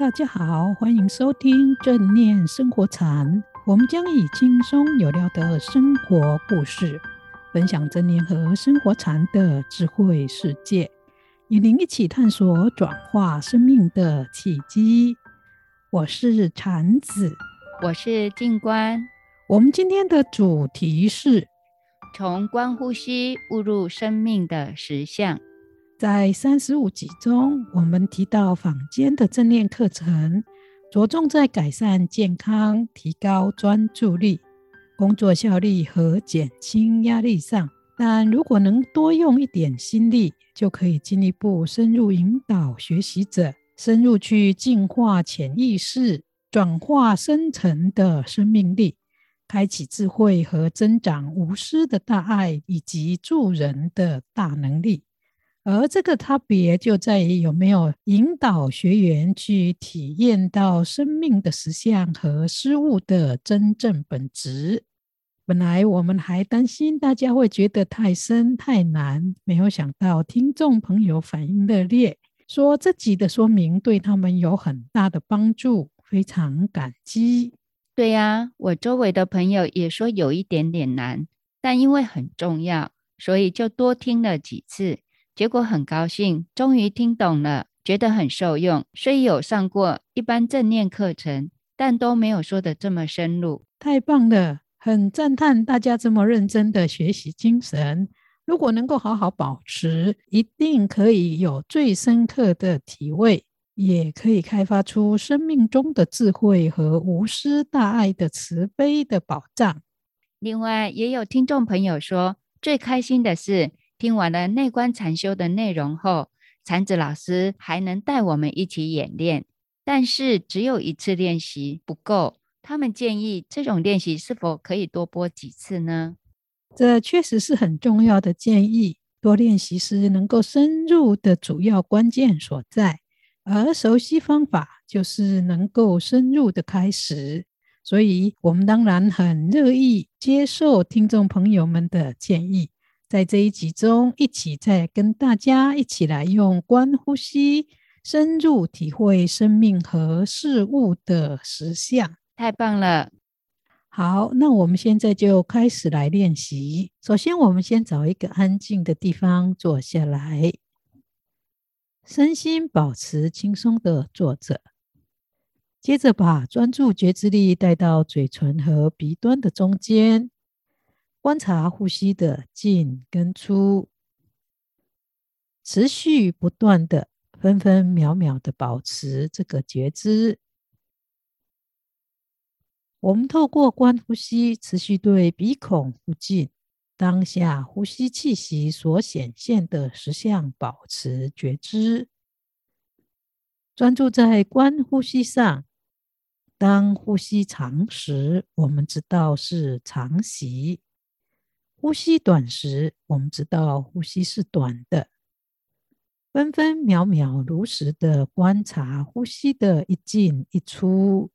大家好，歡迎收聽正念生活禪。我們將以輕鬆有料的生活故事，分享正念和生活禪的智慧世界，與您一起探索轉化生命的契機。我是禪子，我是靜觀。我們今天的主題是：從觀呼吸悟入生命的實相。在三十五集中，我們提到坊間的正念課程着重在改善健康、提高專注力、工作效率和減輕壓力上。但如果能多用一點心力，就可以進一步深入引導學習者，深入去淨化潛意識，轉化深層的生命力，開啟智慧和增長無私的大愛以及助人的大能力。而這個差別就在於有沒有引導學員去體驗到生命的實相和事物的真正本質。本來我們還擔心大家會覺得太深太難，沒有想到聽眾朋友反應熱烈，說這集的說明對他們有很大的幫助，非常感激。對呀、啊，我周圍的朋友也說有一點點難，但因為很重要，所以就多聽了幾次。結果很高興，終於聽懂了，覺得很受用。雖有上過一般正念課程，但都沒有說得這麼深入。太棒了，很讚歎大家這麼認真的學習精神。如果能夠好好保持，一定可以有最深刻的體會，也可以開發出生命中的智慧和無私大愛的慈悲的保障。另外，也有聽眾朋友說，最開心的是，聽完了內觀禪修的內容後，禪子老師還能帶我們一起演練，但是只有一次練習不夠。他們建議這種練習是否可以多播幾次呢？這確實是很重要的建議，多練習是能夠深入的主要關鍵所在，而熟悉方法就是能夠深入的開始。所以我們當然很樂意接受聽眾朋友們的建議。在這一集中，一起再跟大家一起來用觀呼吸，深入體會生命和事物的實相。太棒了！好，那我們現在就開始來練習。首先，我們先找一個安靜的地方坐下來，身心保持輕鬆的坐着。接着，把專注覺知力帶到嘴唇和鼻端的中間。觀察呼吸的進跟出，持續不斷的分分秒秒的保持這個覺知。我們透過觀呼吸，持續對鼻孔附近當下呼吸氣息所顯現的實相保持覺知，專注在觀呼吸上。當呼吸長時，我們知道是長息。呼吸短時，我們知道呼吸是短的，分分秒秒如實地觀察呼吸的一進一出。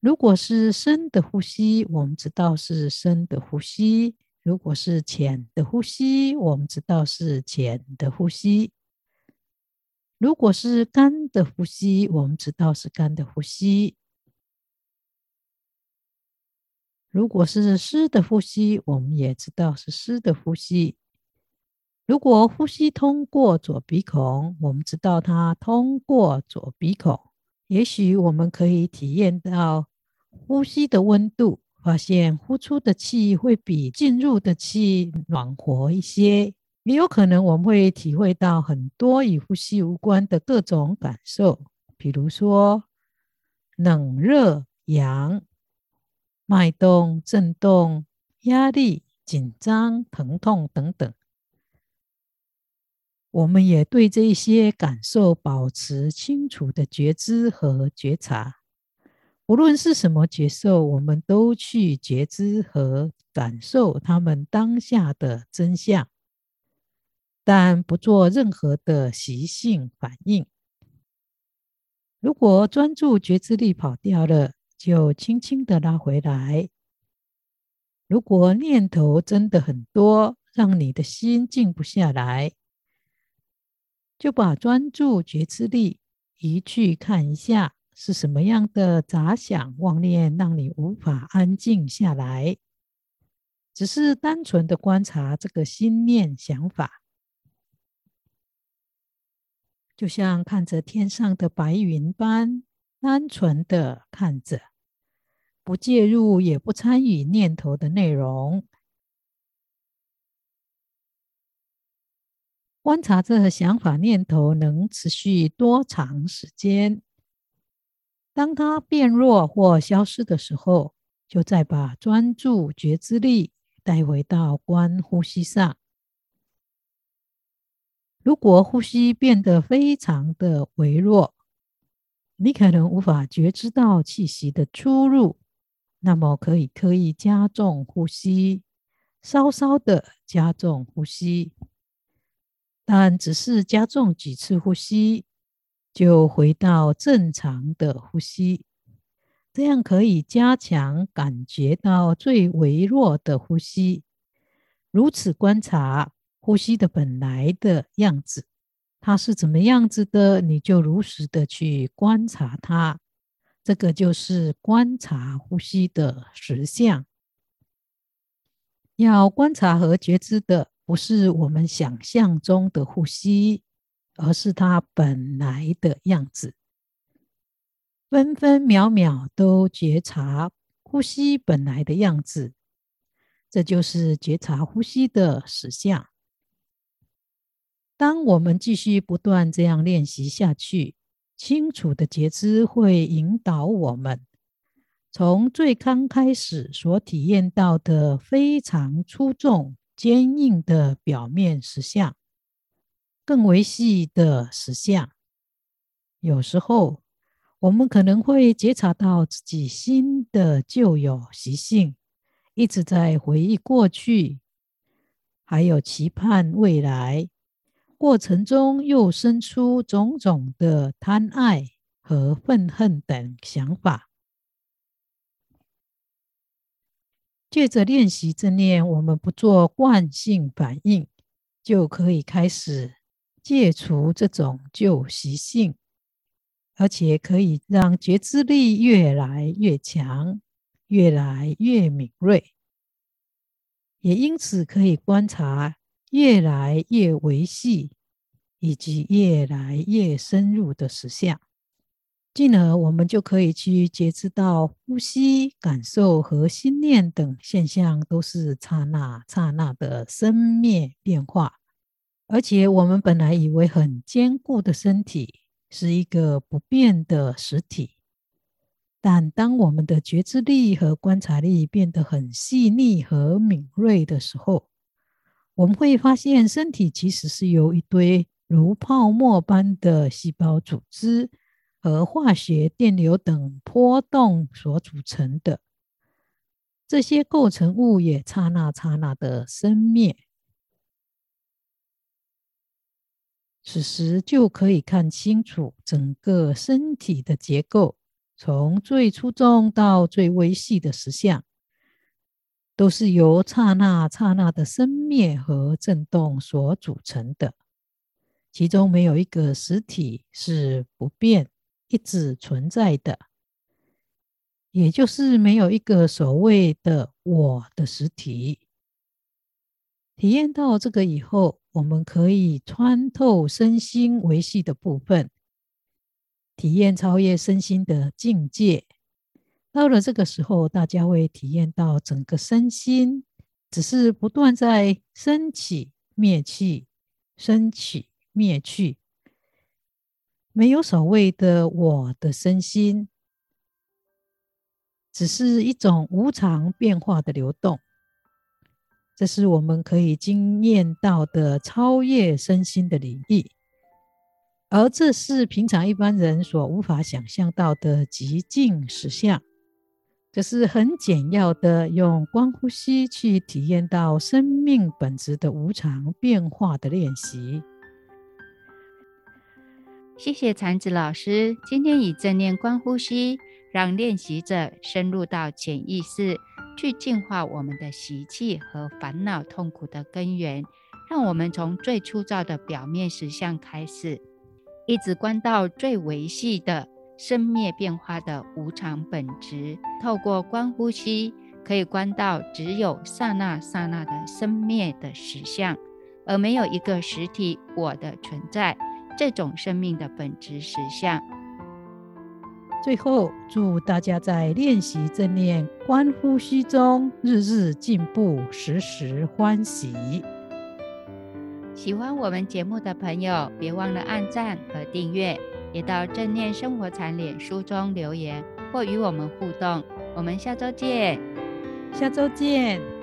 如果是深的呼吸，我們知道是深的呼吸；如果是淺的呼吸，我們知道是淺的呼吸；如果是乾的呼吸，我們知道是乾的呼吸。如果是濕的呼吸，我們也知道是濕的呼吸。如果呼吸通過左鼻孔，我們知道它通過左鼻孔。也許我們可以體驗到呼吸的溫度，發現呼出的氣會比進入的氣暖和一些。也有可能我們會體會到很多與呼吸無關的各種感受，比如說冷熱、陽。脈動、震動、壓力、緊張、疼痛，等等，我們也對這些感受保持清楚的覺知和覺察。無論是什麼覺受，我們都去覺知和感受他們當下的真相，但不做任何的習性反應。如果專注覺知力跑掉了，就輕輕的拉回來。如果念頭真的很多，讓你的心靜不下來，就把專注覺知力移去看一下，是什麼樣的雜想妄念讓你無法安靜下來？只是單純的觀察這個心念想法，就像看着天上的白雲般。單純的看着不介入也不參與念頭的內容，觀察這想法念頭能持續多長時間。當它變弱或消失的時候，就再把專注覺知力帶回到觀呼吸上。如果呼吸變得非常的微弱，你可能無法覺知到氣息的出入，那麼可以刻意加重呼吸，稍稍的加重呼吸，但只是加重幾次呼吸，就回到正常的呼吸。這樣可以加強感覺到最微弱的呼吸，如此觀察呼吸的本來的樣子。它是怎麼樣子的？你就如實的去觀察它，這個就是觀察呼吸的實相。要觀察和覺知的不是我們想象中的呼吸，而是它本來的樣子。分分秒秒都覺察呼吸本來的樣子，這就是覺察呼吸的實相。當我們繼續不斷這樣練習下去，清楚的覺知會引導我們，從最剛開始所體驗到的非常粗重、堅硬的表面實相，更為細的實相。有時候，我們可能會覺察到自己新的舊有習性，一直在回憶過去，還有期盼未來。過程中又生出種種的貪愛和憤恨等想法，借着練習正念，我們不做慣性反應，就可以開始戒除這種舊習性，而且可以讓覺知力越來越強，越來越敏銳，也因此可以觀察。越來越微細，以及越來越深入的實相，進而我們就可以去覺知到，呼吸、感受和心念等現象都是剎那剎那的生滅變化。而且，我們本來以為很堅固的身體是一個不變的實體，但當我們的覺知力和觀察力變得很細膩和敏銳的時候，我們會發現，身體其實是由一堆如泡沫般的細胞組織和化學電流等波動所組成的。這些構成物也剎那剎那的生滅。此時就可以看清楚整個身體的結構，從最粗重到最微細的實相。都是由剎那剎那的生滅和振動所組成的，其中沒有一個實體是不變、一直存在的，也就是沒有一個所謂的“我”的實體。體驗到這個以後，我們可以穿透身心維繫的部分，體驗超越身心的境界。到了這個時候，大家會體驗到整個身心只是不斷在升起、滅去、升起、滅去，沒有所謂的我的身心，只是一種無常變化的流動。這是我們可以經驗到的超越身心的領域，而這是平常一般人所無法想象到的極境實相。這是很簡要的，用觀呼吸去體驗到生命本質的無常變化的練習。謝謝禪子老師，今天以正念觀呼吸，讓練習者深入到潛意識，去淨化我們的習氣和煩惱、痛苦的根源，讓我們從最粗糙的表面實相開始，一直觀到最微細的。生滅變化的無常本質，透過觀呼吸，可以觀到只有剎那剎那的生滅的實相，而沒有一個實體“我”的存在。這種生命的本質實相。最後，祝大家在練習正念觀呼吸中，日日進步，時時歡喜。喜歡我們節目的朋友，別忘了按讚和訂閱。也到正念生活禪臉書中留言，或與我們互動，我們下周見。下周見。